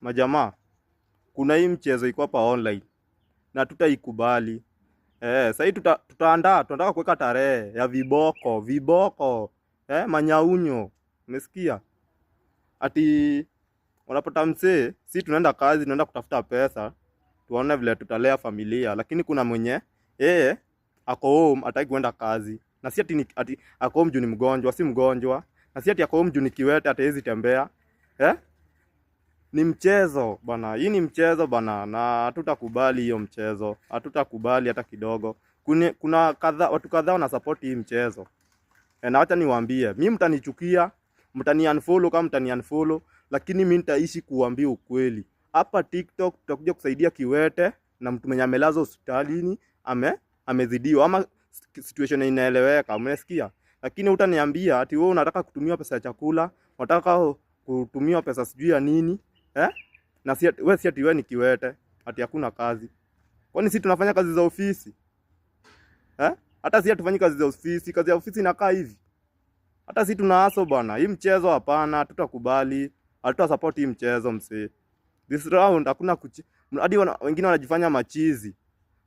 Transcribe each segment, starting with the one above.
Majamaa, kuna hii mchezo iko hapa online na tutaikubali. Eh, sasa tuta, tutaandaa tunataka kuweka tarehe ya viboko viboko, eh, manyaunyo. Umesikia? Ati unapata msee, si tunaenda kazi, tunaenda kutafuta pesa, tuone vile tutalea familia, lakini kuna mwenye yeye ako home, hataki kuenda kazi, na si ati, ati ako home juu ni mgonjwa, si mgonjwa, na si ati ako home juu ni kiwete, hata hezi tembea eh ni mchezo bana, hii ni mchezo bana, na hatutakubali hiyo mchezo, hatutakubali hata kidogo. Kune, kuna kadha, watu kadhaa wana support hii mchezo e, na acha niwaambie, mimi mtanichukia, mtani unfollow kama mtani unfollow, lakini mimi nitaishi kuambia ukweli hapa TikTok. Tutakuja kusaidia kiwete na mtu mwenye amelazwa hospitalini ame amezidiwa ama situation inaeleweka, umesikia? Lakini utaniambia ati wewe unataka kutumia pesa ya chakula, unataka kutumia pesa sijui ya nini eh? Na si wewe si ati wewe ni kiwete, ati hakuna kazi. Kwani si tunafanya kazi za ofisi? Eh? Hata si hatufanyi kazi za ofisi, kazi ya ofisi inakaa hivi. Hata si tuna haso bwana. Hii mchezo hapana, tutakubali. Hatuta support hii mchezo msee. This round hakuna kuchi... hadi wana, wengine wanajifanya machizi.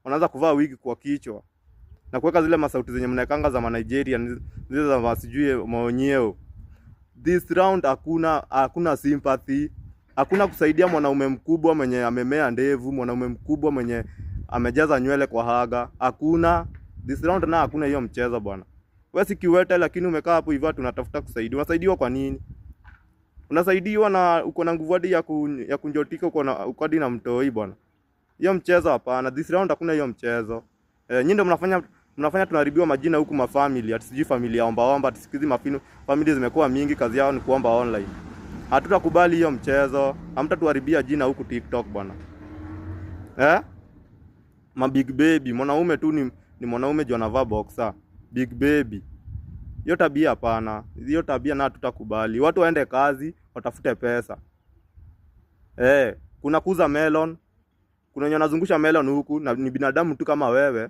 Wanaanza kuvaa wigi kwa kichwa na kuweka zile masauti zenye mnaekanga za Nigeria zile za wasijui maonyeo. This round hakuna hakuna sympathy. Hakuna kusaidia mwanaume mkubwa mwenye amemea ndevu, mwanaume mkubwa mwenye amejaza nywele kwa haga. Hakuna this round na hakuna hiyo mchezo bwana. Wewe si kiwete, lakini umekaa hapo hivyo, tunatafuta kusaidia. Unasaidiwa kwa nini? Unasaidiwa na uko na nguvu hadi ya, ku, ya kunjotika uko na uko hadi na mtoi bwana. Hiyo mchezo hapana. This round hakuna hiyo mchezo. E, nyinyi ndio mnafanya mnafanya tunaharibiwa majina huku mafamily, atisijui familia omba omba, atisikizi mafinu. Familia zimekuwa mingi, kazi yao ni kuomba online hatutakubali hiyo mchezo. Hamtatuharibia jina huku TikTok bwana eh? Ma big baby mwanaume tu ni, ni mwanaume jo anavaa boxer big baby. Hiyo tabia hapana, hiyo tabia na hatutakubali. Watu waende kazi watafute pesa eh. Kuna kuza melon, kuna wenye wanazungusha melon huku na ni binadamu tu kama wewe.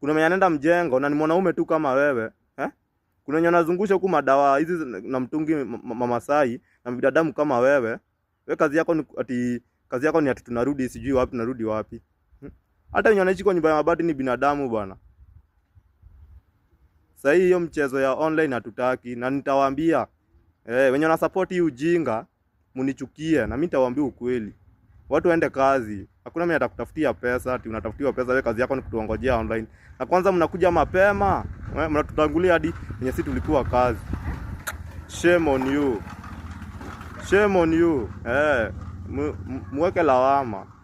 Kuna mwenye anaenda mjengo na ni mwanaume tu kama wewe kuna wenye wanazungusha huku madawa hizi na mtungi mamasai na binadamu kama wewe. We kazi yako ni ati, kazi yako ni ati tunarudi sijui wapi tunarudi wapi. Hmm? Hata wenye wanaishi kwa nyumba ya mabati ni binadamu bwana. Sasa hii hiyo mchezo ya online hatutaki, na nitawaambia eh, wenye support hii ujinga munichukie, na mimi nitawaambia ukweli, watu waende kazi. Hakuna mimi atakutafutia pesa, ati unatafutiwa pesa, wewe kazi yako ni kutuongojea online. Na kwanza mnakuja mapema, eh, mnatutangulia hadi kwenye sisi tulikuwa kazi. Shame on you. Shame on you. Eh, hey, mweke lawama.